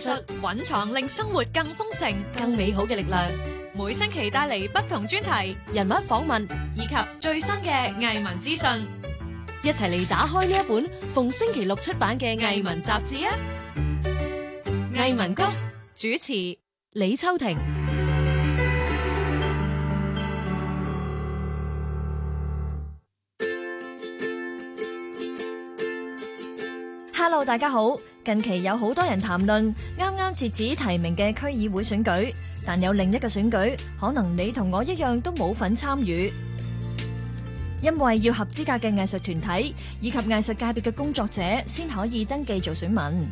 蘊藏令生活更豐盛、更美好嘅力量，每星期帶嚟不同專題、人物訪問以及最新嘅藝文資訊，一齊嚟打開呢一本逢星期六出版嘅藝文雜誌啊！藝文谷主持李秋婷。大家好，近期有好多人談論啱啱截止提名嘅區議會選舉，但有另一個選舉，可能你同我一樣都冇份參與，因為要合資格嘅藝術團體以及藝術界別嘅工作者先可以登記做選民。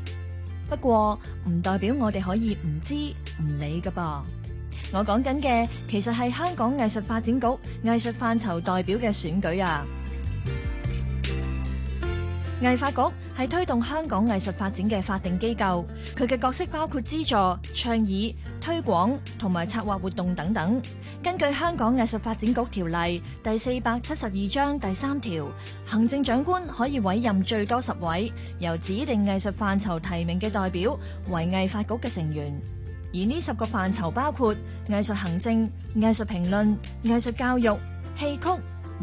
不過唔代表我哋可以唔知唔理㗎噃，我講緊嘅其實係香港藝術發展局藝術範疇代表嘅選舉啊。藝發局係推動香港藝術發展嘅法定機構，佢嘅角色包括資助、倡議、推廣同埋策劃活動等等。根據《香港藝術發展局條例》第四百七十二章第三條，行政長官可以委任最多十位由指定藝術範疇提名嘅代表為藝發局嘅成員，而呢十個範疇包括藝術行政、藝術評論、藝術教育、戲曲、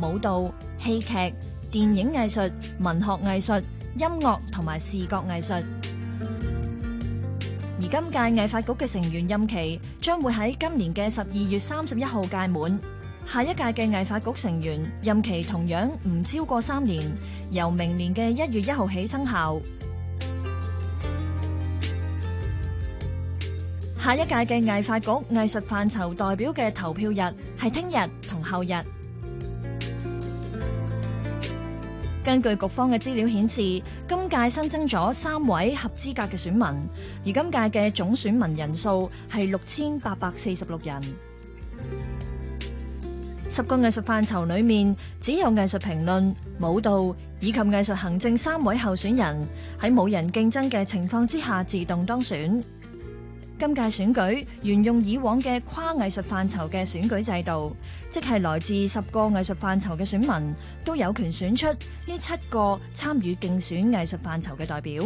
舞蹈、戲劇、電影藝術、文學藝術、音樂同埋視覺藝術。而今屆藝發局嘅成員任期將會喺今年嘅十二月三十一號屆滿，下一屆嘅藝發局成員任期同樣唔超過三年，由明年嘅一月一號起生效。下一屆嘅藝發局藝術範疇代表嘅投票日係聽日同後日。根據局方嘅資料顯示，今屆新增咗三位合資格嘅選民，而今屆嘅總選民人數係六千八百四十六人。十 個藝術範疇裏面，只有藝術評論、舞蹈以及藝術行政三位候選人喺冇人競爭嘅情況之下自動當選。今屆選舉沿用以往嘅跨藝術範疇嘅選舉制度，即係來自十個藝術範疇嘅選民都有權選出呢七個參與競選藝術範疇嘅代表。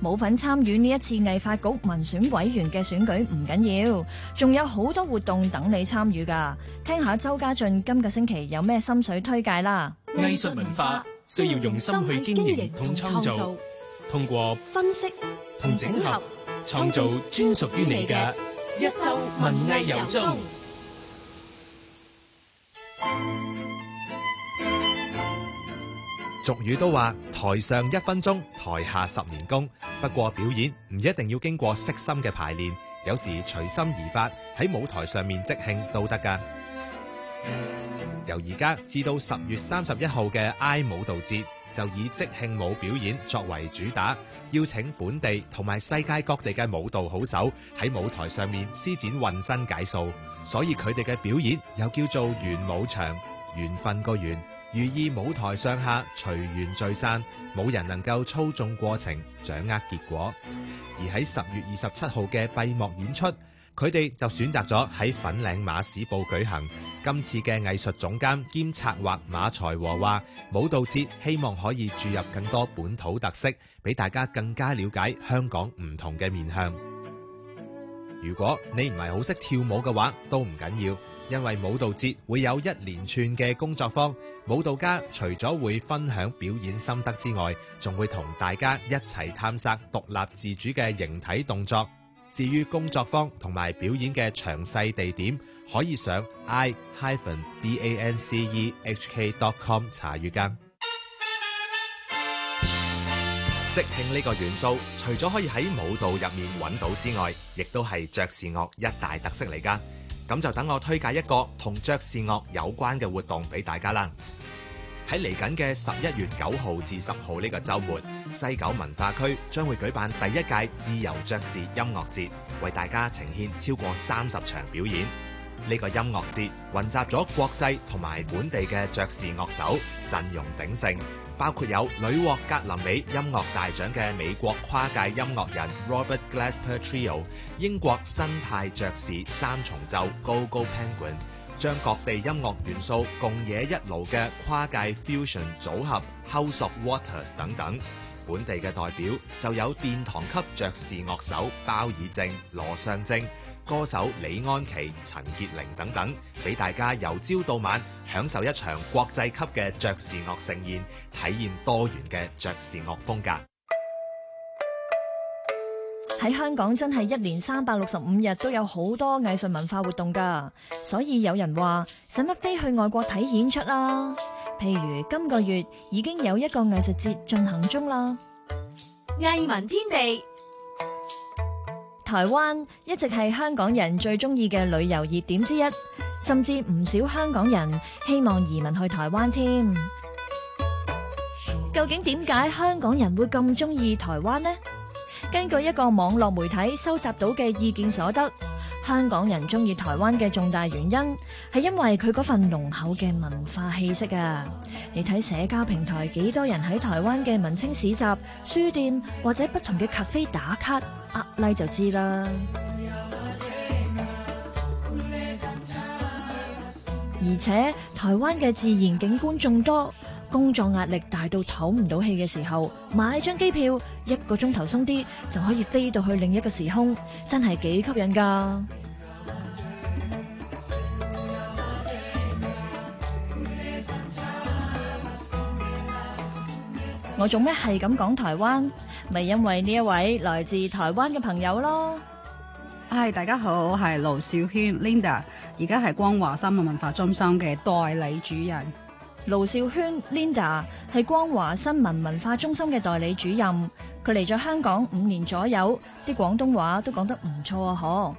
冇份參與呢一次藝發局民選委員嘅選舉唔緊要，仲有好多活動等你參與噶。聽下周家俊今個星期有咩心水推介啦！藝術文化需要用心去經營同創造，通過分析同整合。創造專屬於你嘅一周文藝遊蹤。俗語都話，台上一分鐘，台下十年功。不過表演唔一定要經過悉心嘅排練，有時隨心而發喺舞台上面即興都得㗎。由而家至到十月三十一號嘅 I 舞蹈節，就以即興舞表演作為主打。邀請本地同埋世界各地嘅舞蹈好手喺舞台上面施展渾身解數，所以佢哋嘅表演又叫做緣舞場，緣份個緣，寓意舞台上下隨緣聚散，冇人能夠操縱過程，掌握結果。而喺十月二十七號嘅閉幕演出。佢哋就選擇咗喺粉嶺馬屎埔舉行。今次嘅藝術總監兼策劃馬才和話：舞蹈節希望可以注入更多本土特色，俾大家更加了解香港唔同嘅面向。如果你唔係好識跳舞嘅話，都唔緊要，因為舞蹈節會有一連串嘅工作坊，舞蹈家除咗會分享表演心得之外，仲會同大家一齊探索獨立自主嘅形體動作。至於工作坊同埋表演嘅詳細地點，可以上 i-hyphen-dance-hk.com 查閱㗎。即興呢個元素，除咗可以喺舞蹈入面揾到之外，亦都係爵士樂一大特色嚟㗎。咁就等我推介一個同爵士樂有關嘅活動俾大家啦。喺嚟緊嘅十一月九號至十號呢個周末，西九文化區將會舉辦第一屆自由爵士音樂節，為大家呈現超過三十場表演。呢個音樂節混集咗國際同埋本地嘅爵士樂手，陣容鼎盛，包括有屢獲格林美音樂大獎嘅美國跨界音樂人 Robert Glasper Trio、英國新派爵士三重奏 Go Go Penguin，將各地音樂元素共冶一爐嘅跨界 fusion 組合 House of Waters 等等，本地嘅代表就有殿堂級爵士樂手包以正、羅尚正，歌手李安琪、陳潔玲等等，俾大家由朝到晚享受一場國際級嘅爵士樂盛宴，體驗多元嘅爵士樂風格。喺香港真係一年三百六十五日都有好多藝術文化活動噶，所以有人話：使乜飛去外國睇演出啦？譬如今個月已經有一個藝術節進行中啦。藝文天地，台灣一直係香港人最中意嘅旅遊熱點之一，甚至唔少香港人希望移民去台灣添。究竟點解香港人會咁中意台灣呢？根據一個網絡媒體收集到嘅意見所得，香港人中意台灣嘅重大原因係因為佢嗰份濃厚嘅文化氣息啊！你睇社交平台幾多人喺台灣嘅文青市集書店或者不同嘅咖啡打卡壓例、啊、就知啦。而且台灣嘅自然景觀眾多。工作壓力大到唞唔到氣嘅時候，買張機票，一個鐘頭鬆啲就可以飛到去另一個時空，真係幾吸引噶！我做咩係咁講台灣？咪因為呢一位來自台灣嘅朋友咯。嗨，大家好，我係盧筱萱 Linda，而家係光華新聞文化中心嘅代理主任。盧少軒 Linda 係光華新聞文化中心嘅代理主任，佢嚟咗香港五年左右，啲廣東話都講得唔錯啊！嗬，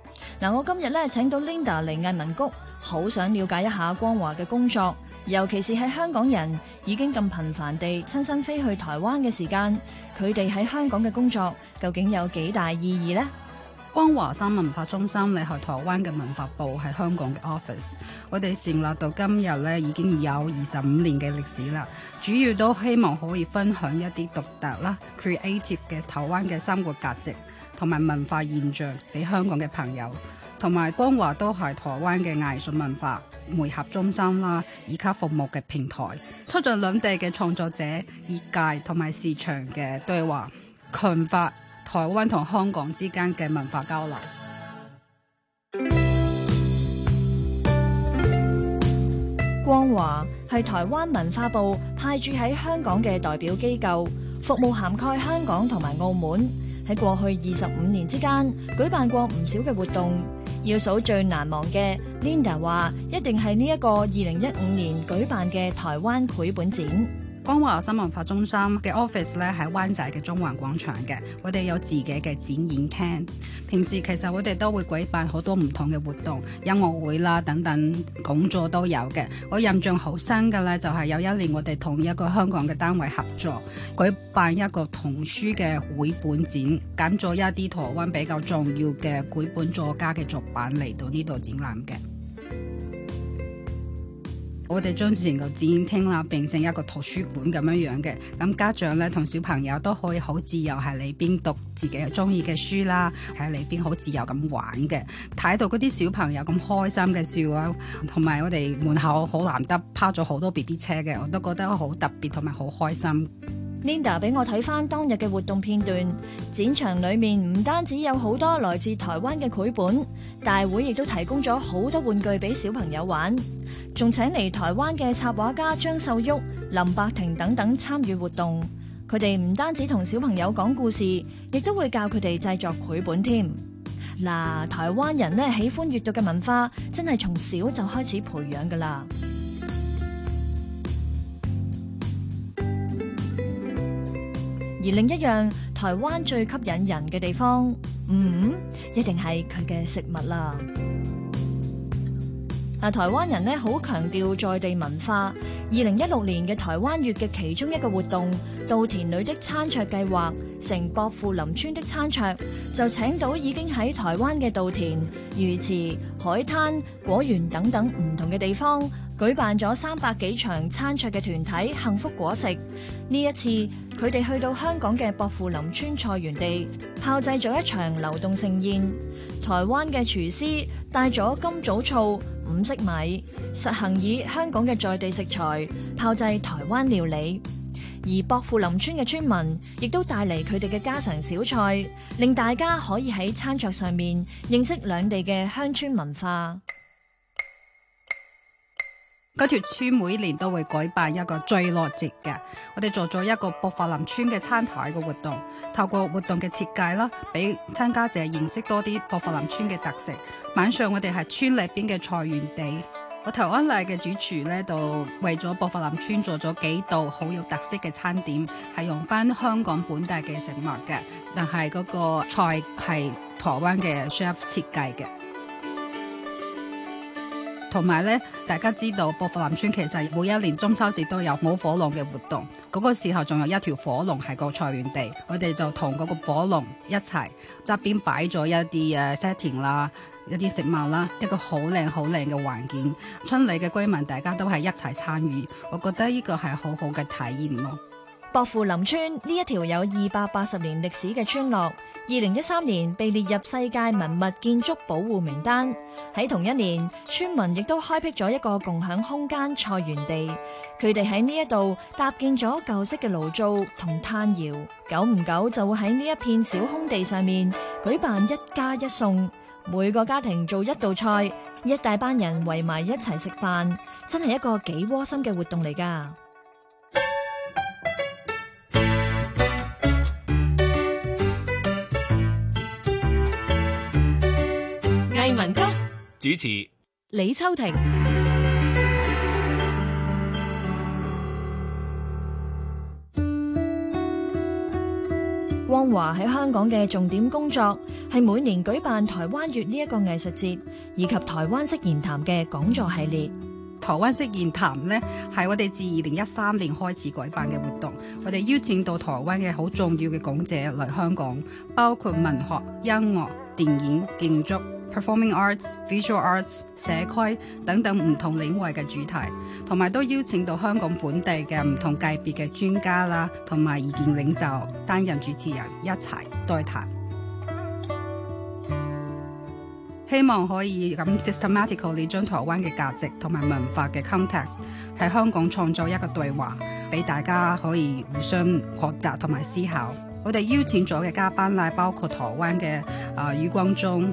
嗱，我今日咧請到 Linda 嚟藝文谷，好想了解一下光華嘅工作，尤其是喺香港人已經咁頻繁地親身飛去台灣嘅時間，佢哋喺香港嘅工作究竟有幾大意義呢？光華新聞文化中心，你係台灣嘅文化部，喺香港嘅 office。我哋成立到今日咧，已經有二十五年嘅歷史啦。主要都希望可以分享一啲獨特啦、creative 嘅台灣嘅生活價值同埋文化現象俾香港嘅朋友，同埋光華都係台灣嘅藝術文化媒合中心啦，以及服務嘅平台，促進兩地嘅創作者、業界同埋市場嘅對話，強化台灣同香港之間嘅文化交流，光華係台灣文化部派駐喺香港嘅代表機構，服務涵蓋香港同埋澳門。喺過去二十五年之間，舉辦過唔少嘅活動，要數最難忘嘅。Linda 話，一定係呢一個二零一五年舉辦嘅台灣繪本展。光華新聞文化中心嘅 office 咧喺灣仔嘅中環廣場嘅，我哋有自己嘅展演廳。平時其實我哋都會舉辦好多唔同嘅活動，音樂會啦，等等講座都有嘅。我印象好深嘅咧，就係有一年我哋同一個香港嘅單位合作，舉辦一個童書嘅繪本展，揀咗一啲台灣比較重要嘅繪本作家嘅作品嚟到呢度展覽嘅。我哋將成個展廳啦，變成一個圖書館咁樣樣嘅，咁家長咧同小朋友都可以好自由喺裏邊讀自己中意嘅書啦，喺裏邊好自由咁玩嘅，睇到嗰啲小朋友咁開心嘅笑啊，同埋我哋門口好難得趴咗好多 BB 車嘅，我都覺得好特別同埋好開心。Linda 俾我睇翻當日嘅活動片段，展場裏面唔單止有好多來自台灣嘅繪本，大會亦都提供咗好多玩具俾小朋友玩，仲請嚟台灣嘅插畫家張秀旭、林柏庭等等參與活動。佢哋唔單止同小朋友講故事，亦都會教佢哋製作繪本添。嗱，台灣人呢，喜歡閱讀嘅文化，真係從小就開始培養噶啦。而另一樣台灣最吸引人嘅地方，嗯，一定係佢嘅食物啦。台灣人咧，好強調在地文化。二零一六年嘅台灣月嘅其中一個活動，稻田裏的餐桌計劃，成薄扶林村的餐桌，就請到已經喺台灣嘅稻田、魚池、海灘、果園等等唔同嘅地方，舉辦咗三百幾場餐桌嘅團體幸福果食。呢一次，佢哋去到香港嘅薄扶林村菜園地，炮製咗一場流動盛宴。台灣嘅廚師帶咗金棗醋、五色米，實行以香港嘅在地食材炮製台灣料理。而薄扶林村嘅村民亦都帶嚟佢哋嘅家常小菜，令大家可以喺餐桌上面認識兩地嘅鄉村文化。嗰條村每年都會舉辦一個聚落節嘅，我哋做咗一個薄扶林村嘅餐台嘅活動，透過活動嘅設計啦，俾參加者認識多啲薄扶林村嘅特色。晚上我哋係村裏邊嘅菜園地，我台灣嚟嘅主廚咧，就為咗薄扶林村做咗幾道好有特色嘅餐點，係用返香港本地嘅食物嘅，但係嗰個菜係台灣嘅 chef 設計嘅。同埋咧，大家知道，薄扶林村其實每一年中秋節都有舞火龍嘅活動。嗰、那個時候仲有一條火龍係個菜園地，我哋就同嗰個火龍一齊側邊擺咗一啲 setting 啦、一啲食物啦，一個好靚好靚嘅環境。村裏嘅居民大家都係一齊參與，我覺得呢個係好好嘅體驗咯。薄扶林村呢一條有二百八十年歷史嘅村落，二零一三年被列入世界文物建築保護名單。喺同一年，村民亦都開闢咗一個共享空間菜園地。佢哋喺呢一度搭建咗舊式嘅爐灶同炭窑，久唔久就會喺呢一片小空地上面舉辦一家一送，每個家庭做一道菜，一大班人圍埋一齊食飯，真係一個幾窩心嘅活動嚟噶。文曲主持李秋婷。光華喺香港嘅重點工作係每年舉辦台灣月呢一個藝術節，以及台灣式言談嘅講座系列。台灣式言談咧係我哋自二零一三年開始舉辦嘅活動，我哋邀請到台灣嘅好重要嘅講者嚟香港，包括文學、音樂、電影、建築。Performing Arts、Visual Arts、社區等等唔同領域嘅主題，同埋都邀請到香港本地嘅唔同界別嘅專家啦，同埋意見領袖擔任主持人一齊對談。希望可以咁 systematically 將台灣嘅價值同埋文化嘅 context 喺香港創造一個對話，俾大家可以互相學習同埋思考。我哋邀請咗嘅嘉賓啦，包括台灣嘅啊余光中。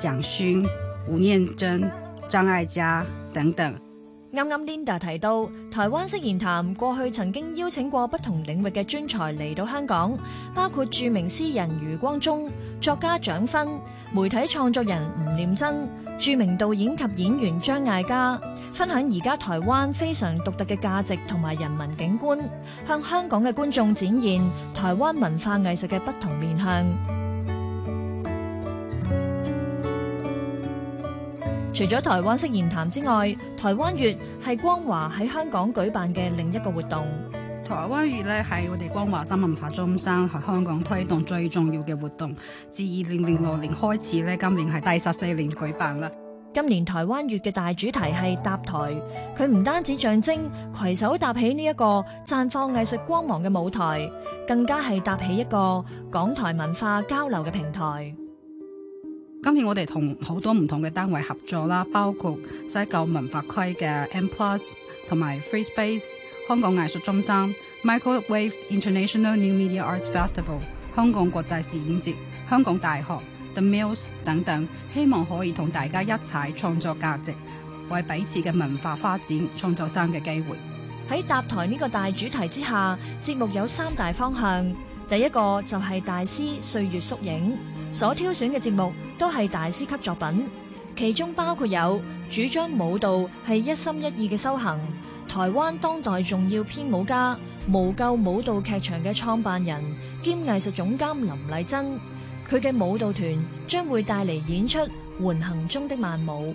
蔣勳、吳念真、張艾嘉等等。啱啱 Linda 提到，台灣式言談過去曾經邀請過不同領域嘅專才嚟到香港，包括著名詩人余光中、作家蔣勳、媒體創作人吳念真、著名導演及演員張艾嘉，分享而家台灣非常獨特嘅價值同埋人文景觀，向香港嘅觀眾展現台灣文化藝術嘅不同面向。除咗台灣式言談之外，台灣月係光華喺香港舉辦嘅另一個活動。台灣月咧係我哋光華新聞文化中心喺香港推動最重要嘅活動，自二零零六年開始咧，今年係第十四年舉辦啦。今年台灣月嘅大主題係搭台，佢唔單止象徵攜手搭起呢一個綻放藝術光芒嘅舞台，更加係搭起一個港台文化交流嘅平台。今年我哋同好多唔同嘅單位合作啦，包括西九文化區嘅 M+ 同埋 Free Space、香港藝術中心、Microwave International New Media Arts Festival、香港國際攝影節、香港大學 The Mills 等等，希望可以同大家一齊創作價值，為彼此嘅文化發展創造新嘅機會。喺搭台呢個大主題之下，節目有三大方向，第一個就係大師歲月縮影。所挑選嘅節目都係大師級作品，其中包括有主張舞蹈係一心一意嘅修行。台灣當代重要編舞家、無垢舞蹈劇場嘅創辦人兼藝術總監林麗珍，佢嘅舞蹈團將會帶嚟演出《緩行中的漫舞》。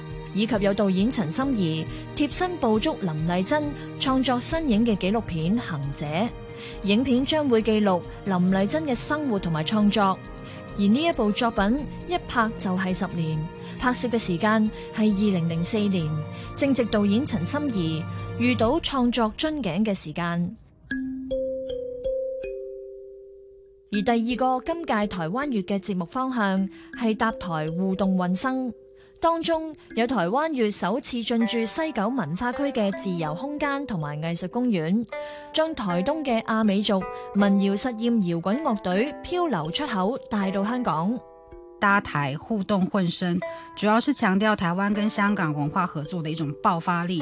以及有導演陳心儀貼身捕捉林麗珍創作身影嘅紀錄片《行者》，影片將會記錄林麗珍嘅生活同埋創作，而呢一部作品一拍就係十年，拍攝嘅時間係二零零四年，正值導演陳心儀遇到創作樽頸嘅時間。而第二個，今屆台灣月嘅節目方向係搭台互動運生。當中有台灣月首次進駐西九文化區嘅自由空間同埋藝術公園，將台東嘅阿美族民謠實驗搖滾樂隊漂流出口帶到香港，搭台互動混聲，主要是強調台灣跟香港文化合作的一種爆發力。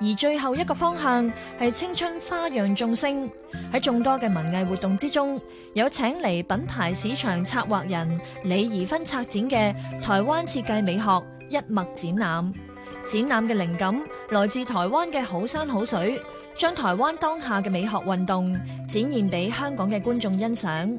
而最後一個方向係青春花樣眾星，喺眾多嘅文藝活動之中，有請嚟品牌市場策劃人李怡芬策展嘅台灣設計美學一脈展覽。展覽嘅靈感來自台灣嘅好山好水，將台灣當下嘅美學運動展現俾香港嘅觀眾欣賞。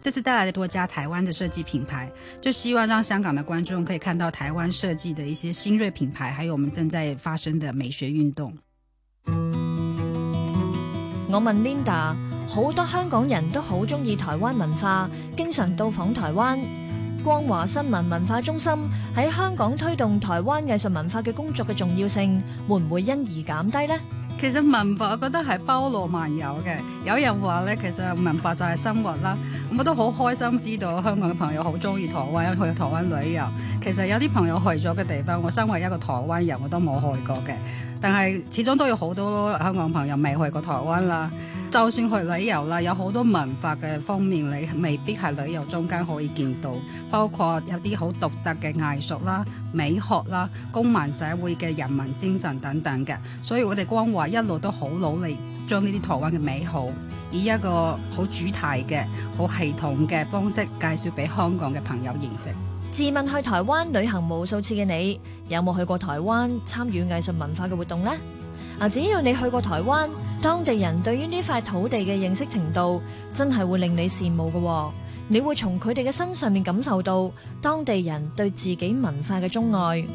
這次帶來的多家台灣的設計品牌，就希望讓香港的觀眾可以看到台灣設計的一些新銳品牌，還有我們正在發生的美學運動。我問 Linda，好多香港人都好中意台灣文化，經常到訪台灣。光華新聞文化中心喺香港推動台灣藝術文化嘅工作嘅重要性，會唔會因而減低呢？其實文化我覺得係包羅萬有嘅。有人話咧，其實文化就係生活啦。我都好開心，知道香港嘅朋友好中意台灣，因為去台灣旅遊。其實有啲朋友去咗嘅地方，我身為一個台灣人我都冇去過嘅。但係始終都有好多香港朋友未去過台灣啦。就算去旅遊啦，有好多文化嘅方面，你未必喺旅遊中間可以見到，包括有啲好獨特嘅藝術啦、美學啦、公民社會嘅人民精神等等嘅。所以我哋光華一路都好努力。將呢啲台灣嘅美好，以一個好主題嘅、好系統嘅方式介紹俾香港嘅朋友認識。自問去台灣旅行無數次嘅你，有冇去過台灣參與藝術文化嘅活動呢？啊，只要你去過台灣，當地人對於呢塊土地嘅認識程度真係會令你羨慕嘅。你會從佢哋嘅身上面感受到當地人對自己文化嘅鍾愛。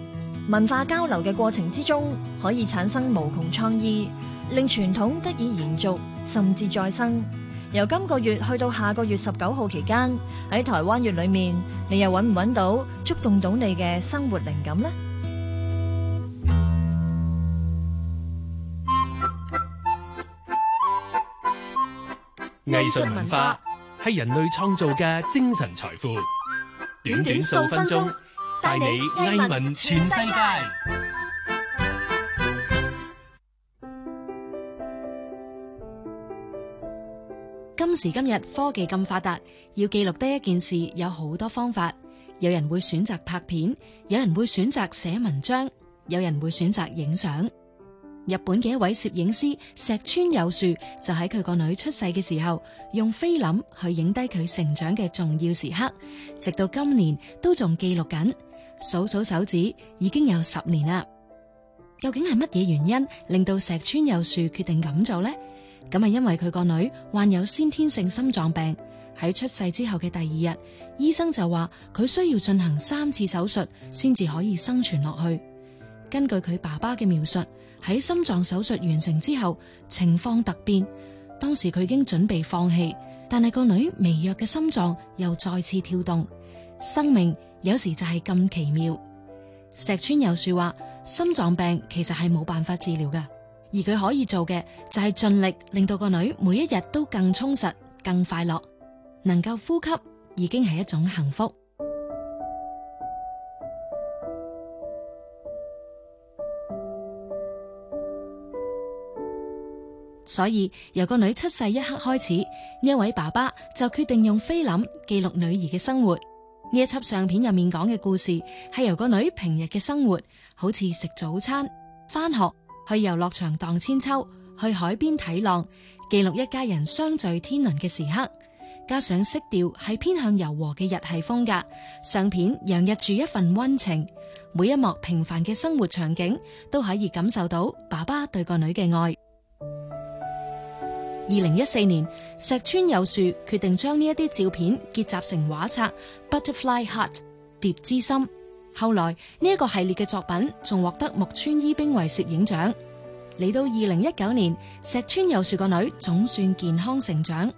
文化交流嘅過程之中，可以產生無窮創意。令傳統得以延續甚至再生。由今個月去到下個月十九號期間，喺台灣月裏面，你又揾唔揾到觸動到你嘅生活靈感呢？藝術文化係人類創造嘅精神財富。短短數分鐘，帶你藝文全世界。當時今日科技咁發達，要記錄低一件事有好多方法。有人會選擇拍片，有人會選擇寫文章，有人會選擇影相。日本嘅一位攝影師石川有樹就喺佢個女出世嘅時候，用菲林去影低佢成長嘅重要時刻，直到今年都仲記錄緊。數數手指，已經有十年啦。究竟係乜嘢原因令到石川有樹決定咁做呢？咁係因為佢個女患有先天性心臟病，喺出世之後嘅第二日，醫生就話佢需要進行三次手術先至可以生存落去。根據佢爸爸嘅描述，喺心臟手術完成之後，情況突變，當時佢已經準備放棄，但係個女微弱嘅心臟又再次跳動，生命有時就係咁奇妙。石川有樹話，心臟病其實係冇辦法治療㗎。而佢可以做嘅就係、是、盡力令到個女每一日都更充實、更快樂。能夠呼吸已經係一種幸福。所以由個女出世一刻開始，呢位爸爸就決定用菲林記錄女兒嘅生活。呢一輯相片入面講嘅故事係由個女平日嘅生活，好似食早餐、返學，去遊樂場蕩千秋，去海邊睇浪，記錄一家人相聚天倫嘅時刻。加上色調係偏向柔和嘅日係風格，相片洋溢住一份温情。每一幕平凡嘅生活場景，都可以感受到爸爸對個女嘅愛。二零一四年，石川有樹決定將呢一啲照片結集成畫冊《Butterfly Heart 蝶之心》。後來呢一、這個系列嘅作品仲獲得木村伊兵衛攝影獎。嚟到二零一九年，石川有樹個女總算健康成長，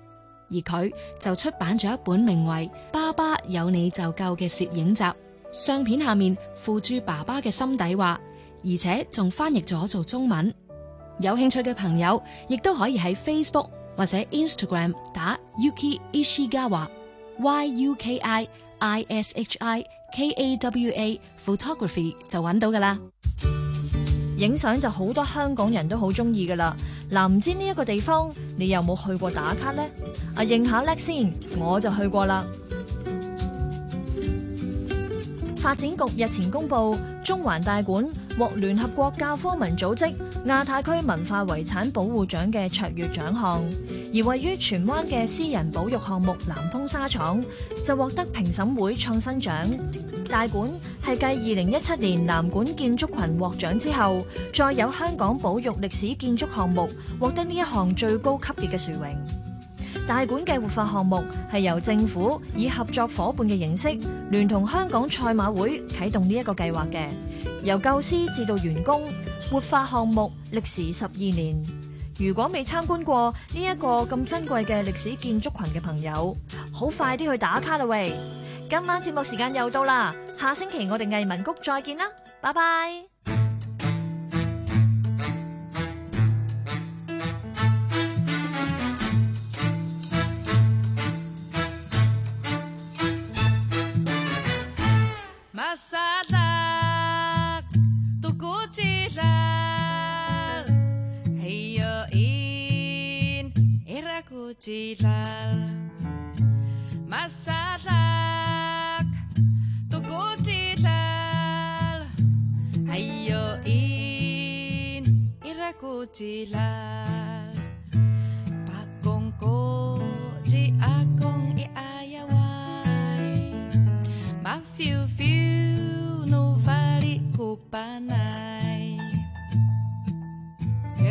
而佢就出版咗一本名為《爸爸有你就夠》嘅攝影集。相片下面附注爸爸嘅心底話，而且仲翻譯咗做中文。有興趣嘅朋友亦都可以喺 Facebook 或者 Instagram 打 Yuki Ishigawa，Yuki Ishi。K A W A Photography 就揾到噶啦，影相就好多香港人都好中意噶啦。嗱，唔知呢一個地方你有冇去過打卡呢？啊，認下叻先，我就去過啦。發展局日前公布中環大館。獲聯合國教科文組織亞太區文化遺產保護獎嘅卓越獎項，而位於荃灣嘅私人保育項目南豐紗廠就獲得評審會創新獎。大館係繼二零一七年藍屋建築群獲獎之後，再有香港保育歷史建築項目獲得呢一項最高級別嘅殊榮。大館嘅活化項目係由政府以合作夥伴嘅形式，聯同香港賽馬會啟動呢一個計劃嘅。由構思至到完工，活化項目歷時十二年。如果未參觀過呢一個咁珍貴嘅歷史建築群嘅朋友，好快啲去打卡啦！喂，今晚節目時間又到啦，下星期我哋藝文谷再見啦，拜拜。